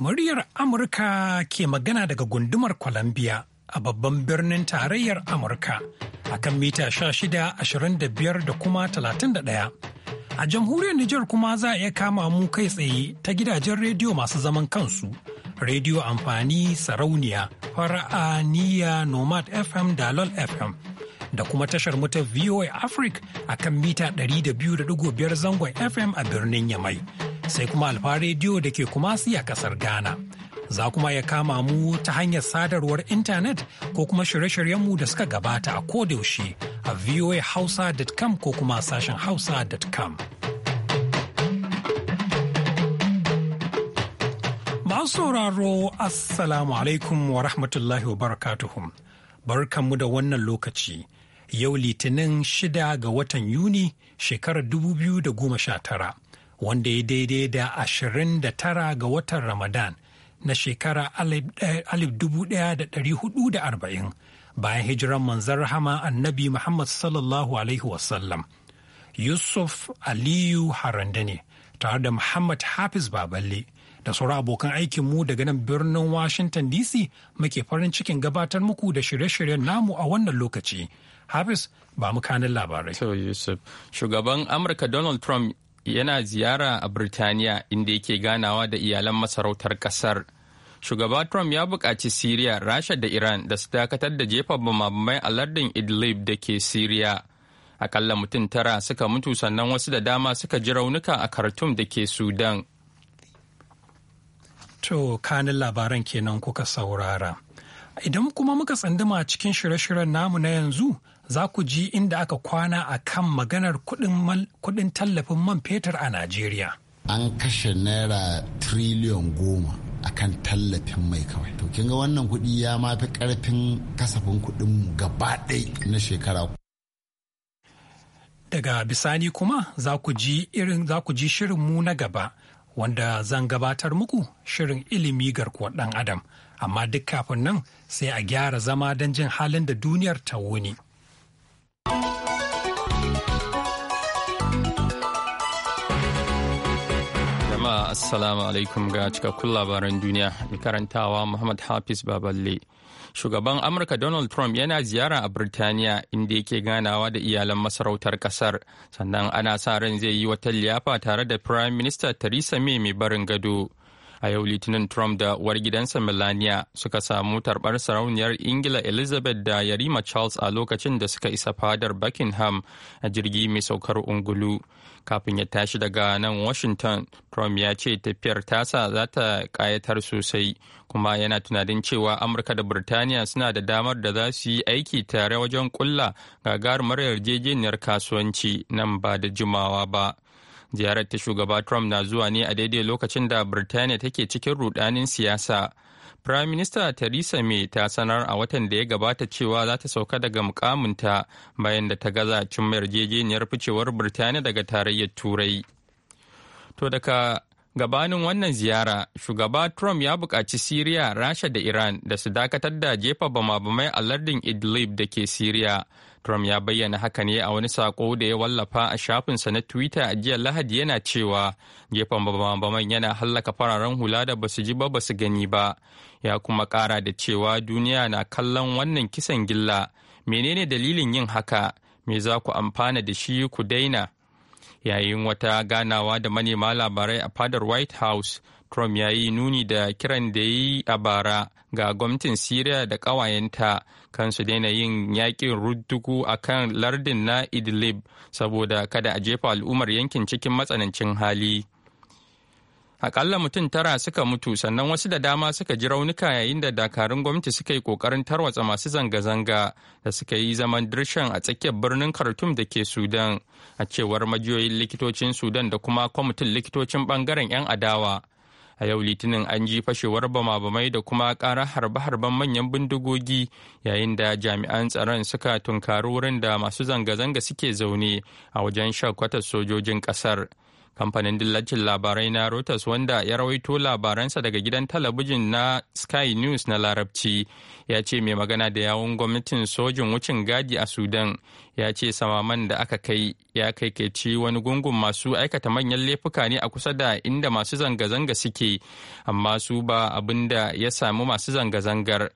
Muryar Amurka ke magana daga gundumar Columbia a babban birnin tarayyar Amurka a kan mita 1625 da kuma talatin da 31. A jamhuriyar Nijar kuma za a iya kama mu kai tsaye ta gidajen rediyo masu zaman kansu, rediyo amfani sarauniya, fara'a niya nomad FM da lol FM. da kuma tashar mu ta VOA Africa a kan mita 200.5 zangon FM a birnin Yamai. sai kuma alfa rediyo da ke kuma a kasar Ghana. Za kuma ya kama mu ta hanyar sadarwar intanet ko kuma shirye-shiryenmu da suka gabata a kodaushe a voahausa.com ko kuma sashen hausa.com. Masu sauraro Assalamu alaikum wa rahmatullahi wa barakatuhum. Barkanmu da wannan lokaci. Yau Litinin shida ga watan Yuni shekarar 2019. wanda ya daidai da ashirin da tara ga watan Ramadan na shekara alif dubu da da arba'in, bayan hijiran manzar rahama annabi Muhammad sallallahu Alaihi wasallam. Yusuf Aliyu Haranda ne tare da Muhammad Hafiz Baballe da sauran abokan aikinmu daga nan birnin Washington DC muke farin cikin gabatar muku da shirye-shiryen namu a wannan lokaci. Hafiz ba mu kanin labarai. To Yusuf, shugaban Amurka Donald Trump yana ziyara a Birtaniya inda yake ganawa da iyalan masarautar kasar. Shugaba Trump ya buƙaci Siriya, Rasha da Iran da su dakatar da jefa bamabamai a lardin Idlib da ke Siriya. Akalla mutum tara suka mutu sannan wasu da dama suka ji raunuka a Khartoum da ke Sudan. To, kanin labaran kenan kuka saurara. Idan kuma muka tsanduma cikin shirye-shiryen namu na yanzu, za ku ji inda aka kwana a kan maganar kuɗin tallafin man fetur a Najeriya. An kashe naira triliyon goma a kan tallafin mai kawai. To kin ga wannan kuɗi ya mafi ƙarfin kasafin kuɗin gaba ɗai na shekara. Daga bisani kuma za ku ji irin za ku ji shirin mu na gaba wanda zan gabatar muku shirin ilimi garkuwar ɗan adam. Amma duk kafin nan sai a gyara zama don jin halin da duniyar ta wuni. Jama'a Assalamu alaikum ga cikakkun labaran duniya mai karantawa Muhammad Hafiz Baballe. Shugaban Amurka Donald Trump yana ziyara a Birtaniya inda yake ganawa da iyalan masarautar kasar sannan ana sa ran zai yi wata liyafa tare da Prime Minister Theresa May mai barin gado. a yau litinin trump da uwar gidansa melania suka samu tarbar sarauniyar ingila elizabeth da yarima charles a lokacin da suka isa fadar buckingham a jirgi mai saukar ungulu kafin ya tashi daga nan washington trump ya ce tafiyar tasa za ta kayatar sosai kuma yana tunanin cewa amurka da birtaniya suna da damar da za su yi aiki tare wajen kulla gagarumar yarjejeniyar kasuwanci nan ba da jimawa ba ziyarar ta shugaba trump na zuwa ne a daidai lokacin da birtaniya take cikin rudanin siyasa prime minister theresa may ta sanar a watan da ya gabata cewa za ta sauka daga mukamunta bayan da ta gaza cin yarjejeniyar ficewar birtaniya daga tarayyar turai to daga gabanin wannan ziyara shugaba trump ya buƙaci siriya rasha da iran da su dakatar da jefa bama-bamai a lardin idlib da ke siriya Trump ya bayyana haka ne a wani sako da ya wallafa a shafinsa na Twitter a jiya Lahadi yana cewa gefen bamabaman yana hallaka fararen hula da basu ji ba basu gani ba. Ya kuma ƙara da cewa duniya na kallon wannan kisan gilla. Menene dalilin yin haka? Me za ku amfana da shi ku daina? Yayin wata ganawa da manema labarai a fadar White House, Macron ya yi nuni da kiran da yi a bara ga gwamnatin Siriya da ƙawayenta kan su daina yin yakin ruddugu a kan lardin na Idlib saboda kada a jefa al'ummar yankin cikin matsanancin hali. Akalla mutum tara suka mutu sannan wasu da dama suka ji raunuka yayin da dakarun gwamnati suka yi kokarin tarwatsa masu zanga-zanga da suka yi zaman dirshan a tsakiyar birnin Khartoum da ke Sudan, a cewar majiyoyin likitocin Sudan da kuma kwamitin likitocin bangaren 'yan adawa. a yau litinin an ji fashewar bama-bamai da kuma ƙara harbe-harben manyan bindigogi yayin da jami'an tsaron suka tunkari wurin da masu zanga-zanga suke zaune a wajen shakwatar sojojin kasar. kamfanin dillacin labarai na Reuters wanda ya rawaito labaransa daga gidan talabijin na Sky News na Larabci ya ce mai magana da yawun gwamnatin sojin wucin gadi a Sudan ya ce samaman da aka kai ya kai ci wani gungun masu aikata manyan laifuka ne a kusa da inda masu zanga-zanga suke amma su ba abin da ya samu masu zanga-zangar.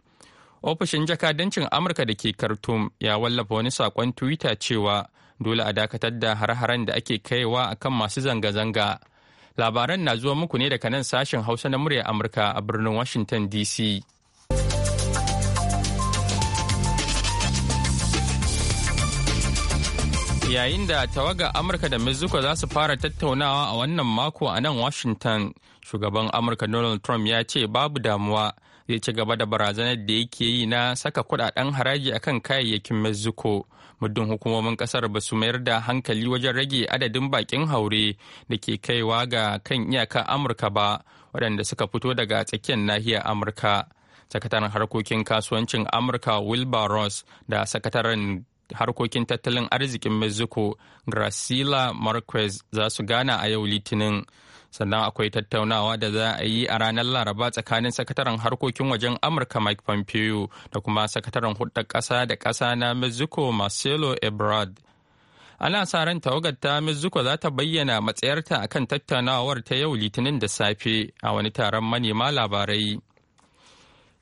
Ofishin jakadancin Amurka da ke Khartoum ya wallafa wani saƙon Twitter cewa dole a dakatar da har-haren da ake kaiwa akan masu zanga-zanga labaran na zuwa muku ne daga nan sashen hausa na muryar amurka a birnin washington dc yayin da tawaga amurka da mexico za su fara tattaunawa a wannan mako a nan washington shugaban amurka donald trump ya ce babu damuwa zai ci gaba da barazanar da yake yi na saka kudaden haraji akan kayayyakin mexico muddin hukumomin kasar ba su mayar da hankali wajen rage adadin bakin haure da ke kaiwa ga kan iyaka amurka ba waɗanda suka fito daga tsakiyar nahiyar amurka sakataren harkokin kasuwancin amurka wilbur ross da sakataren harkokin tattalin arzikin mexico gracila marquez za su gana a yau litinin sannan akwai tattaunawa da za a yi a ranar laraba tsakanin sakataren harkokin wajen amurka mike pompeo da kuma sakataren hudar ƙasa da ƙasa na mexico marcelo ebrard ana sa ran tawagar ta mexico za ta bayyana matsayarta akan tattaunawar ta yau litinin da safe a wani taron manema labarai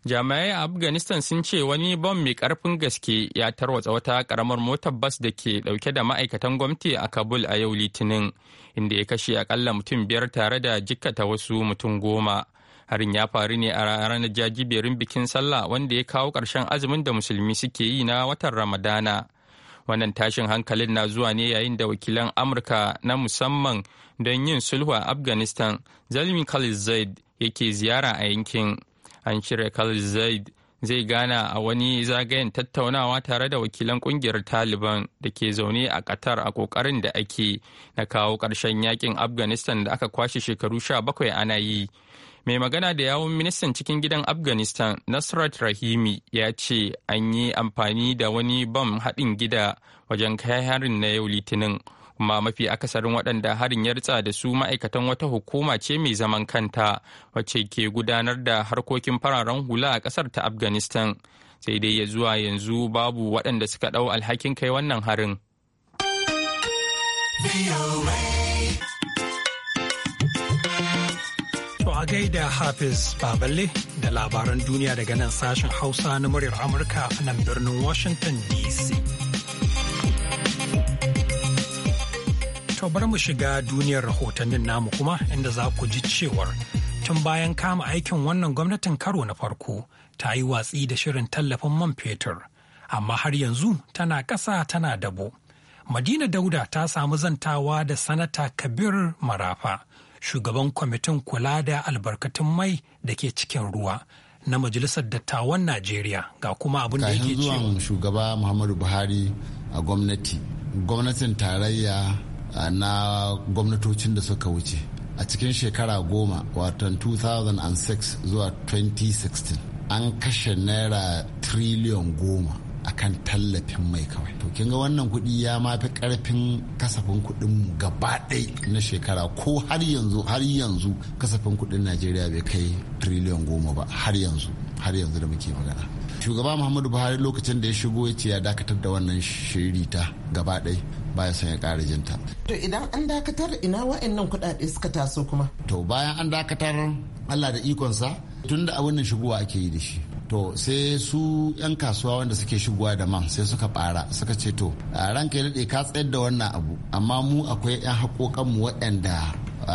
jami'ai a afghanistan sun ce wani bom mai karfin gaske ya tarwatsa wata karamar motar bas da ke dauke da ma'aikatan gwamnati a kabul a yau litinin inda ya kashe akalla mutum biyar tare da jikkata wasu mutum goma harin ya faru ne a ranar jajiberin bikin sallah wanda ya kawo ƙarshen azumin da musulmi suke yi na watan ramadana wannan tashin hankalin na zuwa ne yayin da wakilan amurka na musamman don yin sulhu a afghanistan zalmi khalid zaid yake ziyara a yankin an cire khalid zaid zai gana a wani zagayen tattaunawa tare da wakilan kungiyar taliban da ke zaune a qatar a kokarin da ake na kawo ƙarshen yakin afghanistan da aka kwashe shekaru 17 ana yi mai magana da yawun ministan cikin gidan afghanistan nasrat rahimi ya ce an yi amfani da wani bam haɗin gida wajen kai harin na yau litinin kuma mafi akasarin waɗanda harin ya ritsa da su ma'aikatan wata hukuma ce mai zaman kanta wacce ke gudanar da harkokin fararen hula a ƙasar ta afghanistan sai dai ya zuwa yanzu babu waɗanda suka ɗau alhakin kai wannan harin To a gaida Hafiz Baballe da labaran duniya daga nan sashen Hausa na muryar Amurka a nan birnin Washington DC. To bar mu shiga duniyar rahotannin namu kuma inda za ku ji cewar tun bayan kama aikin wannan gwamnatin karo na farko ta yi watsi da shirin tallafin man fetur, amma har yanzu tana ƙasa tana dabo. Madina Dauda ta samu zantawa da Sanata Kabir Marafa, shugaban kwamitin kula da albarkatun mai da ke cikin ruwa na Majalisar Dattawan Najeriya ga kuma abin da yake cewa. shugaba Muhammadu Buhari a gwamnati, gwamnatin tarayya na gwamnatocin da suka wuce a cikin shekara goma watan 2006 zuwa 2016 an kashe naira triliyon goma a kan tallafin mai kawai to kin ga wannan kuɗi ya ma fi ƙarfin kasafin kuɗin mu gaba na shekara ko har yanzu har yanzu kasafin kuɗin Najeriya bai kai triliyon goma ba har yanzu har yanzu da muke magana shugaba Muhammadu Buhari lokacin da ya shigo ya ce ya dakatar da wannan shiri ta baya son ya kara jinta. To idan an dakatar ina wa'annan kuɗaɗe suka taso kuma? To bayan an dakatar Allah da ikonsa tun da abin nan shigowa ake yi da shi. to sai su 'yan kasuwa wanda suke shigowa da man sai suka ɓara suka ce to ranka ya daɗe ka tsayar da wannan abu amma mu akwai 'yan mu waɗanda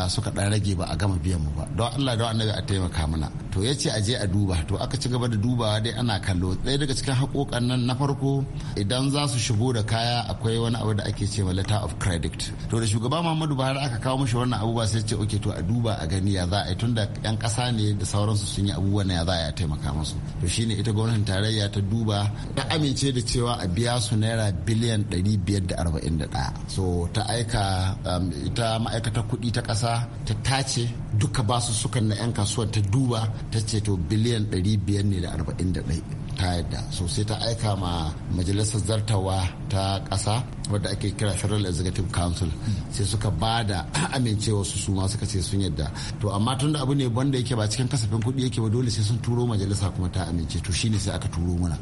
suka dan rage ba a gama biyan mu ba don Allah da annabi a taimaka mana to yace a je a duba to aka ci gaba da dubawa dai ana kallo ɗaya daga cikin haƙoƙan nan na farko idan za su shigo da kaya akwai wani abu da ake cewa letter of credit to da shugaba Muhammadu Buhari aka kawo mishi wannan abubuwa sai ce oke to a duba a gani ya za a yi tunda yan ƙasa ne da sauransu sun yi abubuwan ya za a taimaka musu to shine ita gwamnatin tarayya ta duba ta amince da cewa a biya su naira biliyan 541 so ta aika um, ita ma'aikatar kuɗi ta kasa ta tace duka basu sukan na 'yan kasuwar ta duba ta ce to biliyan ne 541 ta yadda sosai ta aika ma majalisar zartawa ta ƙasa wadda ake kira federal executive council sai suka ba da amincewa su su suka ce sun yadda to amma tunda abu ne banda yake ba cikin kasafin kuɗi yake ba dole sai sun turo majalisa kuma ta amince to shine sai aka turo muna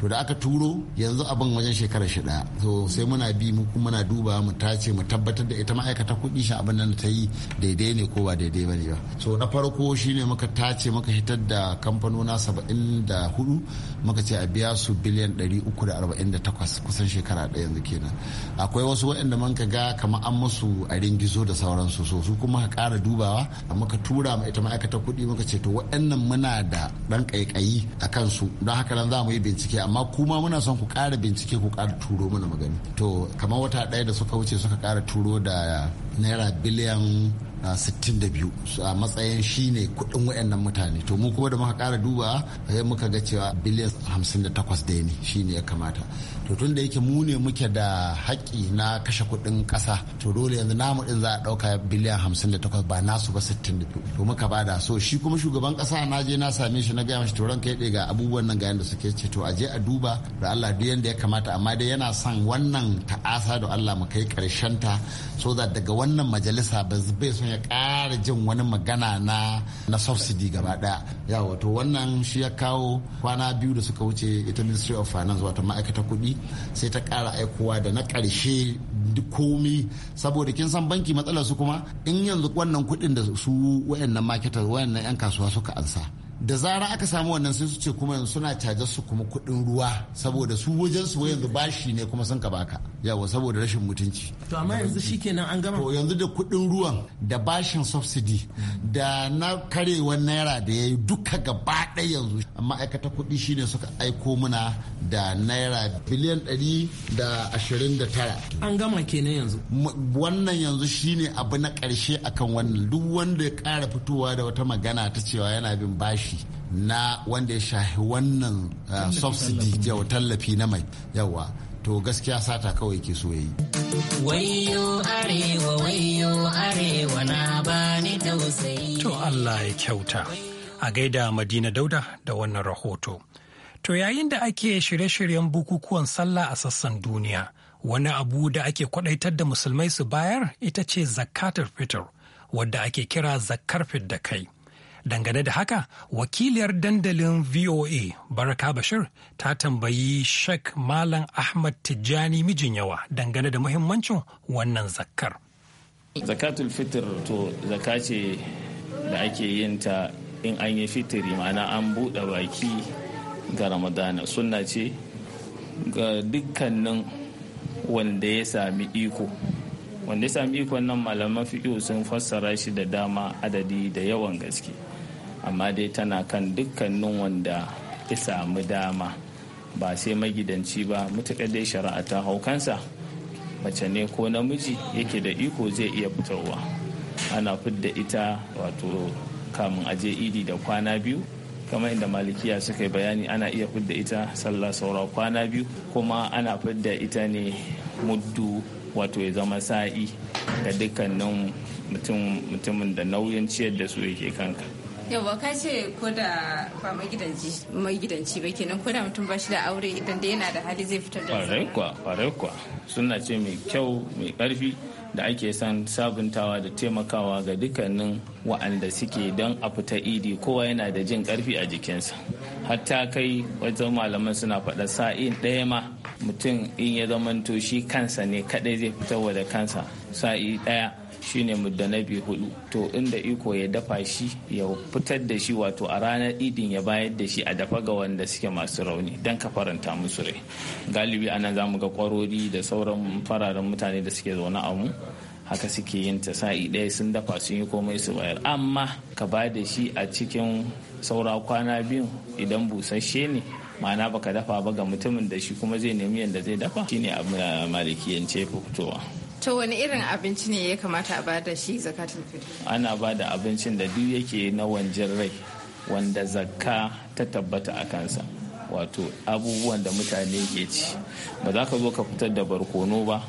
to da aka turo yanzu abin wajen shekara shi ɗaya to sai muna bi mu kuma muna duba mu tace mu tabbatar da ita ma'aikata kuɗi shi abin nan ta yi daidai ne ko ba daidai ba ne ba so na farko shine muka tace muka hitar da kamfanona saba'in da hudu muka ce a biya su biliyan 348 kusan shekara ɗaya yanzu kenan akwai wasu waɗanda man ka ga kama an musu a ringizo da sauransu so su kuma kara dubawa muka tura ma ita ma'aikatar kuɗi muka ce to waɗannan muna da ɗan ƙaiƙayi a kansu don haka nan za mu yi bincike amma kuma muna son ku kara bincike ku ƙara turo mana magani to kama wata ɗaya da suka wuce suka kara turo da naira biliyan 62 a matsayin shi ne kuɗin wayannan mutane to mu kuma da muka ƙara duba sai muka ga cewa biliyan 58 da ne shi ne ya kamata to tun da yake mu ne muke da haƙƙi na kashe kuɗin ƙasa to dole yanzu namu din za a ɗauka biliyan 58 ba nasu ba 62 to muka bada so shi kuma shugaban ƙasa na je na same shi na gaya mashi to ranka yadda ga abubuwan nan ga yanda suke ce to a je a duba da Allah duk yanda ya kamata amma dai yana son wannan ta'asa da Allah mu kai ƙarshen ta so da daga wannan majalisa ba zai son ya ƙara jin wani magana na na subsidy gaba daya ya wato wannan shi ya kawo kwana biyu da suka wuce ita ministry of finance wato ma'aikata kuɗi sai ta ƙara aikowa da na ƙarshe komi saboda kin san banki matsalar su kuma in yanzu wannan kuɗin da su wayannan marketers wayannan 'yan kasuwa suka ansa da zara aka samu wannan sai su ce kuma yanzu suna caje su kuma kuɗin ruwa saboda su wajen su yanzu bashi ne kuma sun ka baka yawa saboda rashin mutunci to amma yanzu shikenan an gama to yanzu da kuɗin ruwan da bashin subsidy da na karewar naira da yayi duka gaba ɗaya yanzu ma'aikata kuɗi shine suka aiko muna da naira biliyan ɗari da ashirin da tara an gama kenan yanzu wannan yanzu shine abu na ƙarshe akan wannan duk wanda ya ƙara fitowa da wata magana ta cewa yana bin bashi tallafi na wanda ya shahi wannan uh, subsidy yau tallafi na mai yawa to gaskiya sata kawai ke so yayi wayo arewa wayo arewa na bani tausayi to Allah ya kyauta a gaida Madina Dauda da wannan rahoto to yayin da ake shirye-shiryen bukukuwan sallah a sassan duniya wani abu da ake kwadaitar da musulmai su bayar ita ce zakatar fitr wadda ake kira zakar da kai Dangane da haka, wakiliyar dandalin VOA Baraka Bashir ta tambayi Sheikh Malam Ahmad Tijjani mijin yawa dangane da muhimmancin wannan zakar. Zakatul fitr to zaka ce da ake yin ta in an yi fitiri mana an buɗe baki ga Ramadana suna ce ga dukkanin wanda ya sami iko. wanda ya sami ikon nan malaman fiƙo sun fassara shi da dama adadi da yawan gaske amma dai tana kan dukkanin wanda ya samu dama ba sai magidanci ba mutuƙa dai shari'a ta haukansa mace ne ko namiji yake da iko zai iya fitowa ana fidda ita wato kamun aje idi da kwana biyu kamar inda malikiya suka yi bayani ana iya fidda ita sallah saura kwana biyu kuma ana fidda ita ne muddu wato ya zama sa'i ga dukkanin mutumin da nauyin ciyar da su yake kanka yawa ka ce ko da ba magidanci gidanci ba kenan ko da mutum ba shi da aure idan da yana da hali zai fitar da ƙwarai kwa ƙwarai kwa suna ce mai kyau mai karfi da ake son sabuntawa da taimakawa ga dukkanin wa'anda suke don a fita idi kowa yana da jin karfi a jikinsa hatta kai wajen malaman suna faɗa sa'in ɗaya ma mutum in ya zamanto shi kansa ne kaɗai zai fitarwa da kansa sa'i ɗaya shine muddanabi hudu to inda iko ya dafa shi ya fitar da shi wato a ranar idin ya bayar da shi a dafa ga wanda suke masu rauni don ka faranta musu rai galibi ana za mu ga kwarori da sauran fararen mutane da suke zaune a mu haka suke yin ta sa'i ɗaya sun dafa sun yi komai su bayar amma ka ba da shi a cikin saura kwana biyu idan busasshe ne ma'ana baka dafa ba ga mutumin da shi kuma zai nemi yadda zai dafa shine a malikiyance fitowa To wani irin abinci ne ya kamata a bada shi zakatul fitr? Ana bada abincin da duk yake na wanjin rai wanda zakka ta tabbata a kansa. Wato abubuwan da mutane ke ci. Ba za ka zo ka fitar da barkono ba,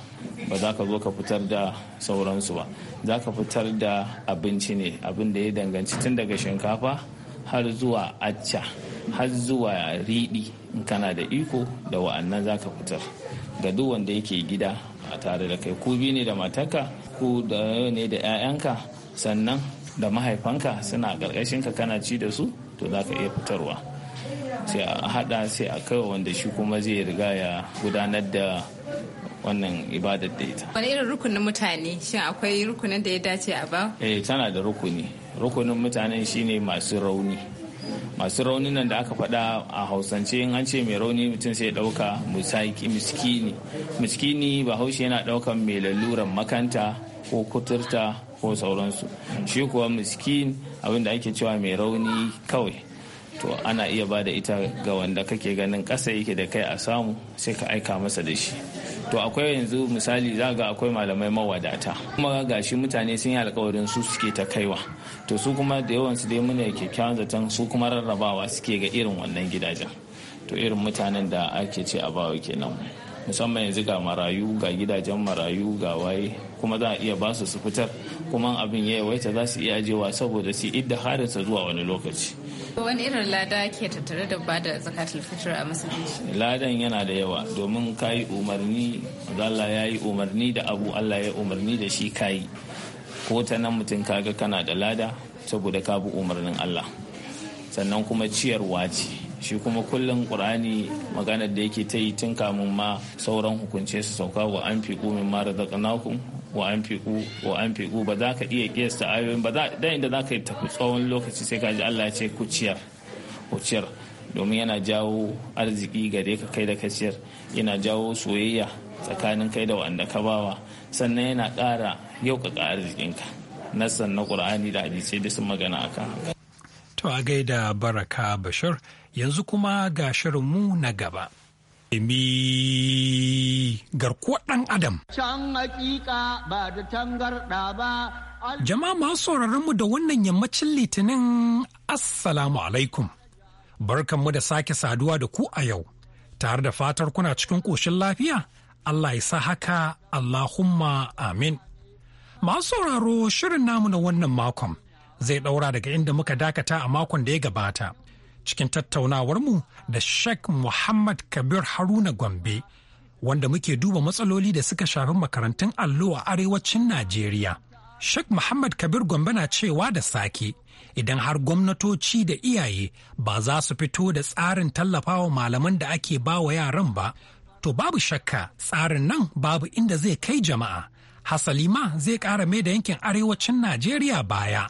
ba za ka zo ka fitar da sauransu ba. Za ka fitar da abinci ne abin da ya danganci tun daga shinkafa har zuwa acca har zuwa riɗi in kana da iko da wa'annan za ka fitar. Ga duk wanda yake gida a tare da kai ku biyu ne da matarka ku da ne da 'ya'yanka sannan da mahaifanka suna ka kana ci da su to za ka iya fitarwa sai a haɗa sai a kai wanda shi kuma zai riga ya gudanar da wannan ibadar da ita. Wani irin rukunin mutane shi akwai rukunin da ya dace a ba? Eh tana da rukuni. Rukunin mutane shine masu rauni. masu raunin nan da aka faɗa a hausance in an ce mai rauni mutum sai ɗauka miskini miskini bahaushe yana ɗaukan mai laluran makanta ko kuturta ko sauransu shi kuwa miskin da ake cewa mai rauni kawai to ana iya ba da ita ga wanda kake ganin ƙasa yake da kai a samu sai ka aika masa da shi to akwai yanzu misali za ga akwai malamai mawadata kuma ga shi mutane sun yi alkawarin su suke ta kaiwa to su kuma da yawan su dai muna kyakkyawan zaton su kuma rarrabawa suke ga irin wannan gidajen to irin mutanen da ake ce a bawa kenan musamman yanzu ga marayu ga gidajen marayu ga waye kuma za a iya basu su fitar kuma abin ya yawaita za su iya ajewa saboda su idda harinsa zuwa wani lokaci Wani irin lada ke tattare da ba da zakatul fitr a musulunci? Ladan yana da yawa domin ka yi umarni, Allah ya yi umarni da abu Allah ya umarni da shi ka yi. Ko ta nan mutum kaga kana da lada saboda ka bi umarnin Allah. Sannan kuma ciyarwa ce. shi kuma kullum ƙur'ani maganar da yake ta yi tun kamun ma sauran hukunce su sauka wa an fi kumin mara da wa an fiku wa an fiku ba za ka iya kesta ayoyin ba za dan inda za ka yi tafi tsawon lokaci sai ka ji Allah ya ce ku ciyar ku ciyar domin yana jawo arziki gare ka kai da ka ciyar yana jawo soyayya tsakanin kai da wanda ka bawa sannan yana ƙara yauƙaƙa arzikinka nassan na ƙur'ani da hadisai da sun magana aka. haka to a gaida baraka bashir yanzu kuma ga shirinmu na gaba Emi garkuwar ɗan adam. Can hakika ba da tangarɗa ba. Jama'a masu mu da wannan yammacin litinin Assalamu alaikum. Barkanmu da sake saduwa da ku a yau, tare da fatar kuna cikin ƙoshin lafiya, Allah ya sa haka Allahumma amin. Masu sauraro shirin namu na wannan makon zai ɗaura daga inda muka dakata a makon da ya gabata. cikin tattaunawarmu da Sheikh Muhammad Kabir Haruna Gombe, wanda muke duba matsaloli da suka shafi makarantun allo a arewacin Najeriya. Sheikh Muhammad Kabir Gombe na cewa da sake, idan har gwamnatoci da iyaye ba za su fito da tsarin tallafawa malaman da ake ba wa yaran ba, to babu shakka tsarin nan babu inda zai kai jama'a. hasalima zai ƙara mai da yankin arewacin Najeriya baya.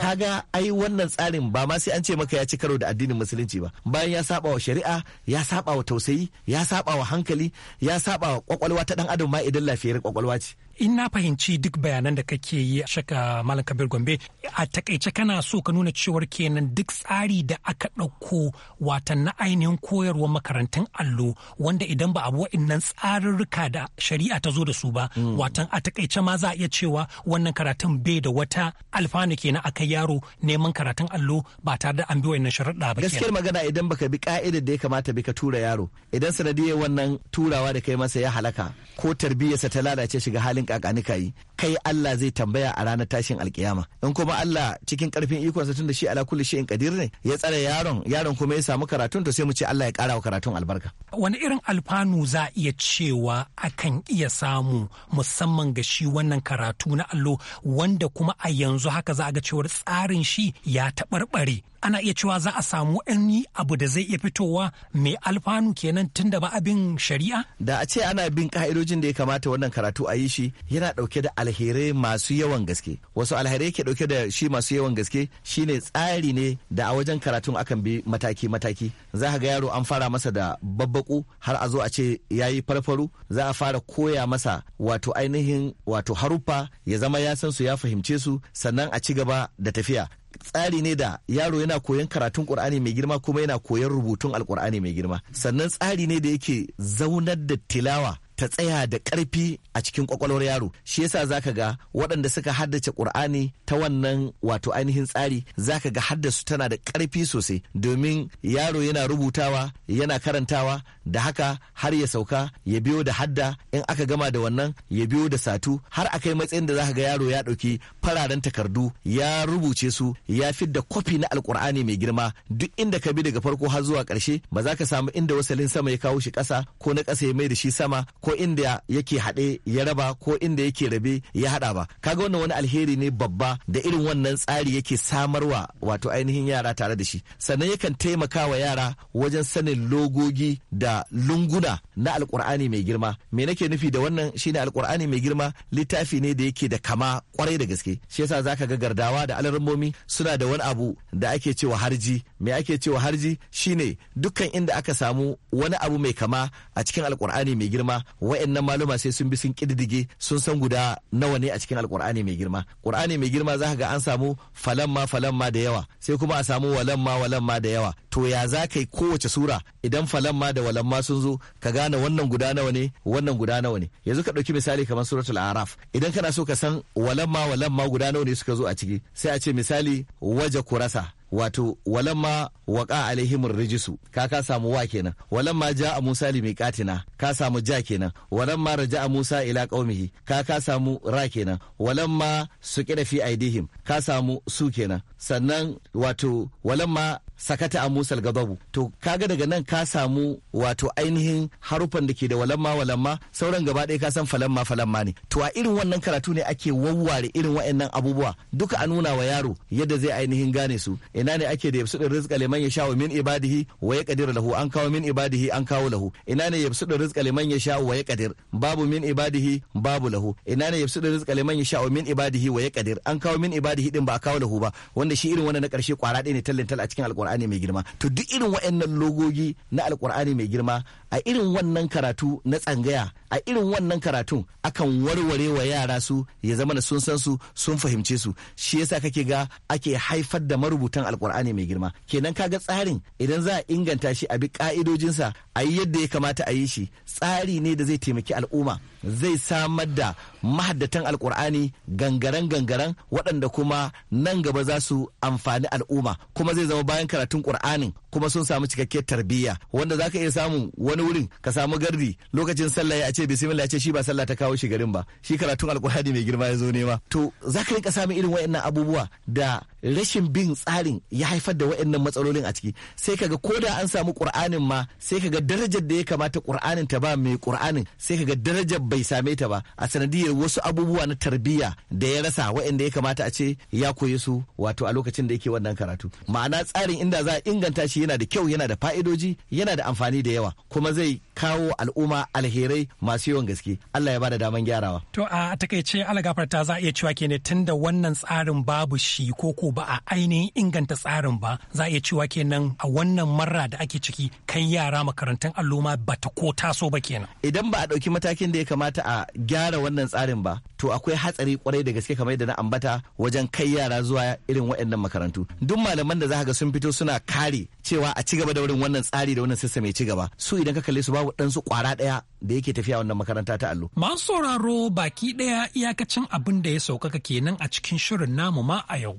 Kaga ai wannan tsarin ba ma sai an ce maka ya ci karo da addinin musulunci ba. Bayan ya saba wa shari'a, ya saba wa tausayi, ya saba wa hankali, ya saba wa kwakwalwa ta dan adam ma idan lafiyar kwakwalwa ce. in na fahimci duk bayanan da kake yi a shaka malam kabir gombe a takaice kana so ka nuna cewar kenan duk tsari da aka ɗauko watan na ainihin koyarwar makarantun allo wanda idan ba abu wa'innan tsarurruka da shari'a ta zo da su ba mm. watan a takaice ma za a iya cewa wannan karatun bai da wata alfanu kenan aka yaro neman karatun allo ba tare da an bi wa'innan sharaɗa ba gaskiyar magana idan baka bi ka'idar da ya kamata bi ka tura yaro idan sanadiyar wannan turawa da kai masa ya halaka ko tarbiyyarsa ta lalace shiga halin cikin kakani yi kai Allah zai tambaya a ranar tashin alkiyama in kuma Allah cikin karfin ikonsa tun da shi ala kulli shay'in kadir ne ya tsare yaron yaron kuma ya samu karatun to sai mu ce Allah ya karawa karatun albarka wani irin alfanu za a iya cewa akan iya samu musamman ga shi wannan karatu na allo wanda kuma a yanzu haka za a ga cewar tsarin shi ya taɓarɓare ana iya cewa za a samu ɗani abu da zai iya fitowa mai alfanu kenan tun da ba abin shari'a? Da a ce ana bin ka'idojin da ya kamata wannan karatu a yi shi yana ɗauke da alherai masu yawan gaske. Wasu alherai ke ɗauke da shi masu yawan gaske shine tsari ne da a wajen karatun akan bi mataki-mataki. Za ga yaro an fara masa da babbaku har a zo a ce ya yi farfaru za a fara koya masa wato ainihin wato haruffa ya zama ya san su ya fahimce su sannan a ci gaba da tafiya tsari ne da yaro yana koyan karatun ƙur'ani mai girma kuma yana koyan rubutun Alƙur'ani mai girma sannan tsari ne da yake zaunar da tilawa ta tsaya da ƙarfi a cikin kwakwalwar yaro shi yasa zaka ga waɗanda suka haddace ƙur'ani ta wannan wato ainihin tsari zaka ga haddasu tana da ƙarfi sosai domin yaro yana rubutawa yana karantawa da haka har ya sauka ya biyo da hadda in aka gama da wannan ya biyo da satu har a kai matsayin da zaka ga yaro ya ɗauki fararen takardu ya rubuce su ya fi da kwafi na alƙur'ani mai girma duk inda ka bi daga farko har zuwa ƙarshe ba za ka samu inda wasalin sama ya kawo shi ƙasa ko na ƙasa ya mai da shi sama ko inda yake haɗe ya raba ko inda yake rabe ya haɗa ba kaga wannan wani alheri ne babba da irin wannan tsari yake samarwa wato ainihin yara tare da shi sannan yakan taimaka wa yara wajen sanin logogi da lunguna na alkur'ani mai girma me nake nufi da wannan shine alkur'ani mai girma littafi ne da yake da kama kwarai da gaske shi yasa zaka ga gardawa da alarmomi suna da wani abu da ake cewa harji me ake cewa harji shine dukkan inda aka samu wani abu mai kama a cikin alkur'ani mai girma wa'annan maluma sai sun bi sun kididdige sun san guda nawa ne a cikin alkur'ani mai girma qur'ani mai girma za ga an samu falamma falamma da yawa sai kuma a samu walamma walamma da yawa to ya za ka yi kowace sura idan falamma da walamma sun zo ka gane wannan guda nawa ne wannan guda nawa ne yanzu ka ɗauki misali kamar suratul araf idan kana so ka san walamma walamma guda nawa ne suka zo a ciki sai a ce misali waje kurasa wato walamma waƙa alaihimur rijisu ka ka samu wa kenan walamma ja a musa limiqatina ka samu ja kenan walamma raja a musa ila qaumihi ka ka samu ra kenan walamma su fi aidihim ka samu su kenan sannan wato walamma sakata a musal gadabu to kaga daga nan ka samu wato ainihin harufan da ke da walamma walamma sauran gaba ɗaya ka san falamma falamma ne to a irin wannan karatu ne ake wawware irin waɗannan abubuwa duka a nuna wa yaro yadda zai ainihin gane su ina ne ake da yabsudin rizqa liman ya wa min ibadihi wa yaqdir lahu an kawo min ibadihi an kawo lahu ina ne yabsudin rizqa liman yasha wa yaqdir babu min ibadihi babu lahu ina ne yabsudin rizqa liman ya wa min ibadihi wa yaqdir an kawo min ibadihi din ba a kawo lahu ba wanda shi irin wannan na karshe kwara ɗaya ne tallin tal a cikin alqur'ani mai girma to duk irin wa'annan logogi na alqur'ani mai girma a irin wannan karatu na tsangaya a irin wannan karatun akan warware wa yara su ya zama da sun san su sun fahimce su shi yasa kake ga ake haifar da marubutan alkur'ani mai girma kenan kaga tsarin idan za a inganta shi a bi ka'idojinsa a yi yadda ya kamata a yi shi tsari ne da zai taimaki al'umma zai samar da mahaddatan alkur'ani gangaren gangaren waɗanda kuma nan gaba za su amfani al'umma kuma zai zama bayan karatun ƙur'anin kuma sun samu cikakkiyar tarbiyya wanda za ka iya samun wani wurin ka samu gardi lokacin sallah ya ce bismillah ya ce shi ba sallah ta kawo shi garin ba shi karatun alkur'ani mai girma ya zo nema to za ka rinka samun irin wa'annan abubuwa da rashin bin tsarin ya haifar da wa'annan matsalolin a ciki sai kaga ko da an samu ƙur'anin ma sai kaga darajar da ya kamata ƙur'anin ta ba mai ƙur'anin sai kaga darajar bai same ta ba a sanadiyar wasu abubuwa na tarbiyya da ya rasa waɗanda ya kamata a ce ya koyi su wato a lokacin da yake wannan karatu ma'ana tsarin inda za a inganta shi yana da kyau yana da fa'idoji yana da amfani da yawa kuma zai kawo al'umma alherai masu yawan gaske Allah ya bada daman gyarawa to a takaice alagafarta za a iya cewa kenan tunda wannan tsarin babu shi ko ko ba a ainihin inganta tsarin ba za a iya cewa kenan a wannan marra da ake ciki kai yara makarantun alloma bata ko taso ba kenan idan ba a ɗauki matakin da ya kamata kamata a gyara wannan tsarin ba to akwai hatsari kwarai da gaske kamar yadda na ambata wajen kai yara zuwa irin waɗannan makarantu duk malaman da za ga sun fito suna kare cewa a ci gaba da wurin wannan tsari da wannan sistem ya ci gaba su idan ka kalle su babu ɗansu kwara ɗaya da yake tafiya wannan makaranta ta allo. masu sauraro baki ɗaya iyakacin abin da ya saukaka kenan a cikin shirin namu ma a yau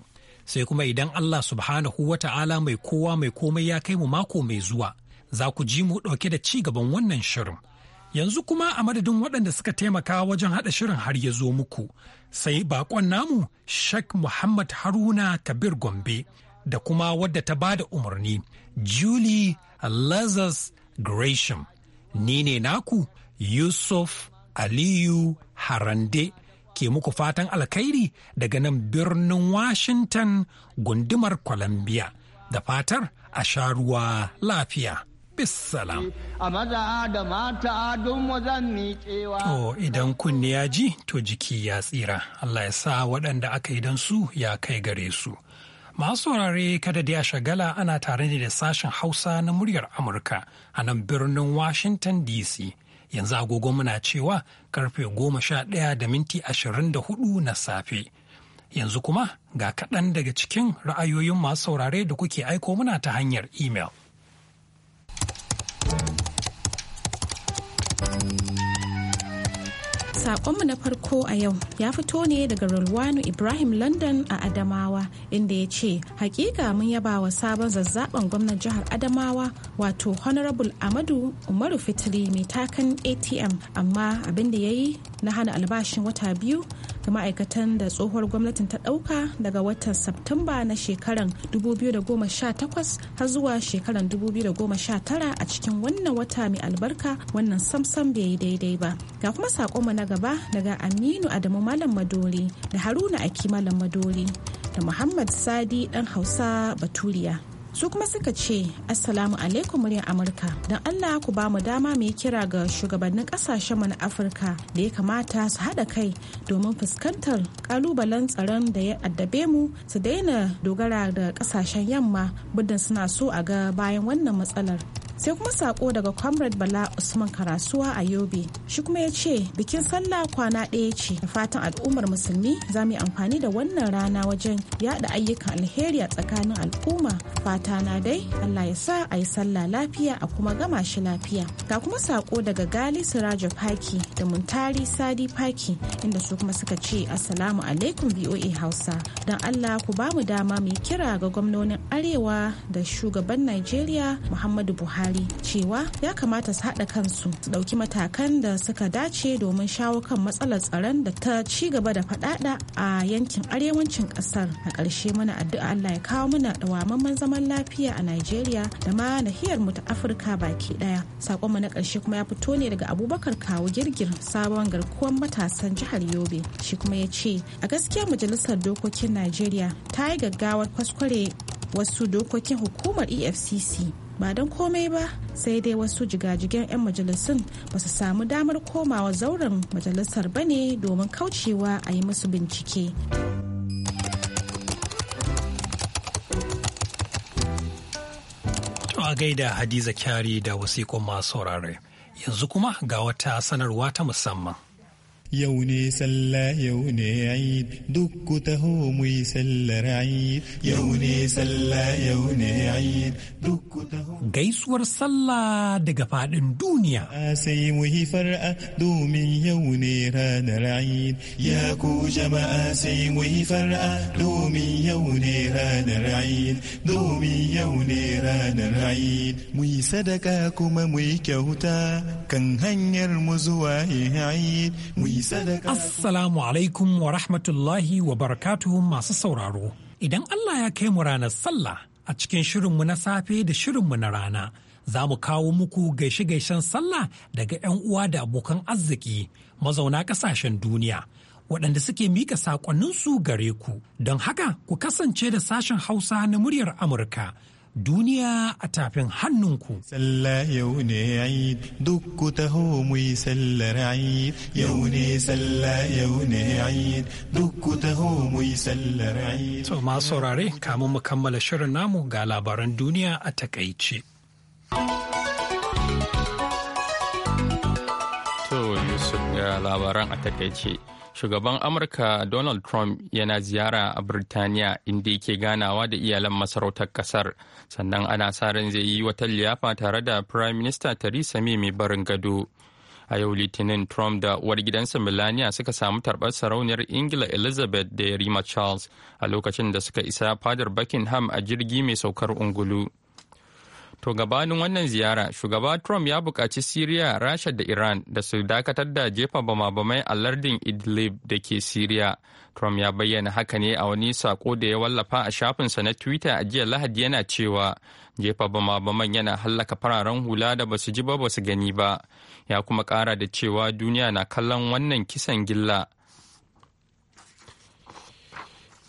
sai kuma idan allah subhanahu wa ta'ala mai kowa mai komai ya kai mu mako mai zuwa za ku ji mu ɗauke da ci gaban wannan shirin. Yanzu kuma a madadin waɗanda suka taimaka wajen haɗa shirin har ya zo muku, sai bakon namu Sheikh Muhammad Haruna Kabir Gombe da kuma wadda ta ba da umarni Julie Lazarus Gresham. Ni ne naku Yusuf Aliyu Harande ke muku fatan alkhairi daga nan birnin Washington gundumar Columbia da fatar a sharuwa lafiya. bisalam. A maza da mata don wazan cewa. To idan kunne ya ji to jiki ya tsira. Allah ya sa waɗanda aka yi don su ya kai gare su. Masu saurare kada da ya shagala ana tare da sashen Hausa na muryar Amurka a nan birnin Washington DC. Yanzu agogo muna cewa karfe goma sha ɗaya da minti ashirin da hudu na safe. Yanzu kuma ga kaɗan daga cikin ra'ayoyin masu saurare da kuke aiko muna ta hanyar imel. sakonmu na farko a yau ya fito ne daga Rulwanu Ibrahim London a Adamawa inda ya ce hakika mun yaba wa sabon zazzaben gwamnan jihar Adamawa wato Honorable Amadu Umaru fitri mai takan ATM amma abin da ya yi na hana albashin wata biyu da ma'aikatan da tsohuwar gwamnatin ta ɗauka daga watan Satumba na shekaran 2018 har zuwa shekaran 2019 a cikin wannan wata mai albarka wannan samsam bai yi daidai ba. Ga kuma sakonmu na gaba daga Aminu Adamu Malam Madori da Haruna Aki Malam Madori da Muhammad Sadi ɗan Hausa Baturiya. su kuma suka ce assalamu alaikum muryar amurka don allah ku ba mu dama mu yi kira ga shugabannin kasashen mu na afirka da ya kamata su haɗa kai domin fuskantar kalubalen tsaron da ya addabe mu su daina dogara da kasashen yamma muddin suna so a ga bayan wannan matsalar sai kuma sako daga comrade bala usman karasuwa a yobe shi kuma ya ce bikin sallah kwana ɗaya ce da fatan al'ummar musulmi za mu yi amfani da wannan rana wajen yada ayyukan alheri a tsakanin al'umma fata na dai allah ya sa a yi sallah lafiya a kuma gama shi lafiya ga kuma sako daga gali siraja paki da muntari sadi paki inda su kuma suka ce assalamu alaikum voa hausa don allah ku ba mu dama mu kira ga gwamnonin arewa da shugaban nigeria muhammadu buhari cewa ya kamata su haɗa kansu su ɗauki matakan da suka dace domin shawo kan matsalar tsaron da ta ci gaba da faɗaɗa a yankin arewacin ƙasar a ƙarshe mana addu'a allah ya kawo mana dawamamman zaman lafiya a nigeria da ma nahiyar mu ta afirka baki ɗaya saƙonmu na ƙarshe kuma ya fito ne daga abubakar kawo girgir sabon garkuwar matasan jihar yobe shi kuma ya ce a gaskiya majalisar dokokin najeriya ta yi gaggawar kwaskware wasu dokokin hukumar efcc ba don komai ba sai dai wasu jigajigen 'yan majalisun ba su samu damar komawa zauren majalisar ba ne domin kaucewa a yi musu bincike a gaida hadiza kyari da wasiƙon masu saurare. Yanzu kuma ga wata sanarwa ta musamman. yau ne sallah yau ne aid duk ku taho mu yi sallar aid yau ne sallah yau ne aid duk ku taho gaisuwar sallah daga fadin duniya sai mu far'a domin yau ne ranar aid ya ku jama'a sai mu far'a domin yau ne ranar aid domin yau ne ranar aid Muyi sadaka kuma muyi kyauta kan hanyar mu zuwa aid mu Assalamu alaikum wa rahmatullahi wa barakatuhu masu sauraro. Idan Allah ya kai mu ranar sallah a cikin shirinmu na safe da shirinmu na rana, za mu kawo muku gaishe-gaishen sallah daga 'yan uwa da abokan arziki mazauna ƙasashen duniya. waɗanda suke mika saƙonninsu gare ku. Don haka ku kasance da sashen Hausa na muryar Amurka duniya a tafin hannunku. Sallah yau ne Eid duk ku taho mu yi sallar Eid yau ne sallah yau ne Eid duk ku taho mu yi sallar Eid. To ma saurare kamun mu kammala shirin namu ga labaran duniya a takaice. To Yusuf ga labaran a takaice. shugaban amurka donald trump yana ziyara a birtaniya inda yake ganawa da iyalan masarautar kasar sannan ana sa ran zai yi wata liyafa tare da prime minister theresa may mai barin gado a yau litinin trump da uwar gidansa melania suka samu tarbar sarauniyar ingila elizabeth da yarima charles a lokacin da suka isa fadar buckingham a jirgi mai saukar ungulu. To gabanin wannan ziyara, shugaba Trump ya buƙaci Siriya, Rasha da Iran da su dakatar da jefa bama-bamai a lardin Idlib da ke Siriya. Trump ya bayyana haka ne a wani sako da ya wallafa a shafinsa na Twitter a jiya Lahadi yana cewa jefa bama-baman yana hallaka fararen hula da basu ji ba basu gani ba. Ya kuma ƙara da cewa duniya na kallon wannan kisan gilla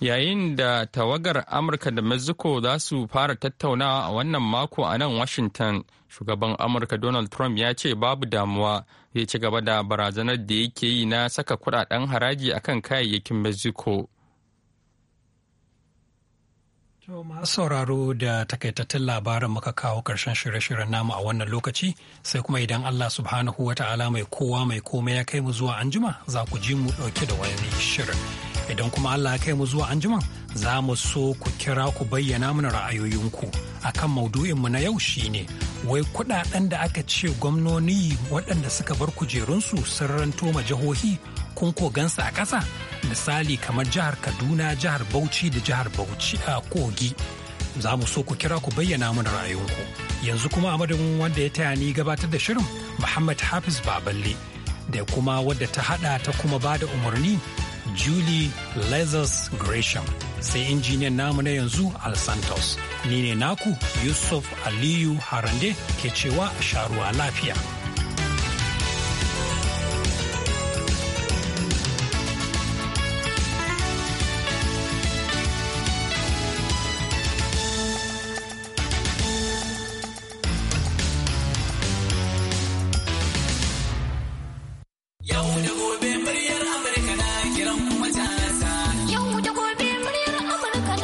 yayin da tawagar amurka da mexico za su fara tattaunawa a wannan mako a nan washington shugaban amurka donald trump ya ce babu damuwa zai ci gaba da barazanar da yake yi na saka kudaden haraji akan kayayyakin mexico To masu sauraro da takaitattun labarin muka kawo karshen shirye-shiryen namu a wannan lokaci sai kuma idan Allah subhanahu wa ta'ala mai kowa mai komai ya kai mu zuwa anjima za ku ji mu ɗauke da wani shirin. Idan kuma Allah ya kai mu zuwa anjima za mu so ku kira ku bayyana mana ra'ayoyinku akan maudu'inmu na yau shine wai kudaden da aka ce gwamnoni waɗanda suka bar kujerunsu sun ranto ma jihohi kun ko gansa a ƙasa misali kamar jihar Kaduna jihar Bauchi da jihar Bauchi a Kogi za mu so ku kira ku bayyana mana ra'ayinku yanzu kuma a madadin wanda ya taya ni gabatar da shirin Muhammad Hafiz Baballe da kuma wadda ta hada ta kuma bada umarni Julie Lazarus Gresham sai injiniyan namu na yanzu Al Santos. Ni ne naku Yusuf Aliyu Harande ke cewa sharuwa lafiya.